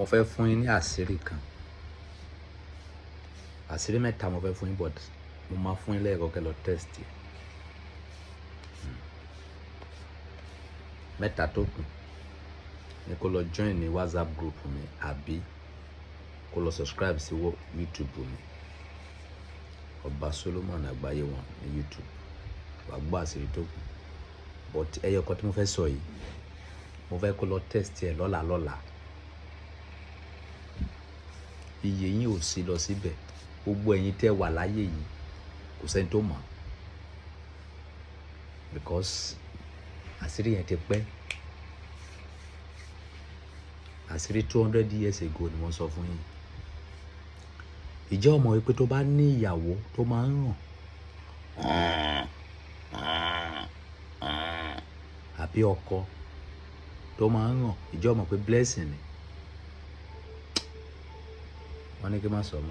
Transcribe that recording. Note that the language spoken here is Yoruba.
mo fẹ́ fún yín ní àṣírí kan àṣírí mẹ́ta mo fẹ́ fún yín but mo máa fún yín lẹ́ẹ̀kọ́ kẹ́ lọ test yẹ mẹ́ta tó kù ni kó lọ join ní WhatsApp group mi àbí kó lọ subscribe sí YouTube mi Ọba Solomon Àgbáyé One ní YouTube wàá gbọ́ àṣírí tó kù but ẹyọ kan tí mo fẹ́ sọ yìí mo fẹ́ kó lọ test yẹ lọ́la lọ́la iye yín ò sí lọ síbẹ̀ gbogbo ẹ̀yin tẹ́ wà láyé yìí kò sẹ́ni tó mọ̀ because àṣírí yẹn ti pẹ́ àṣírí two hundred years ago ni wọ́n sọ fún yín ìjẹ́ ọmọ wípé tó bá ní ìyàwó tó máa ń ràn àbí ọkọ tó máa ń ràn ìjẹ́ ọmọ pé blessing ni. অনেকে মাসুম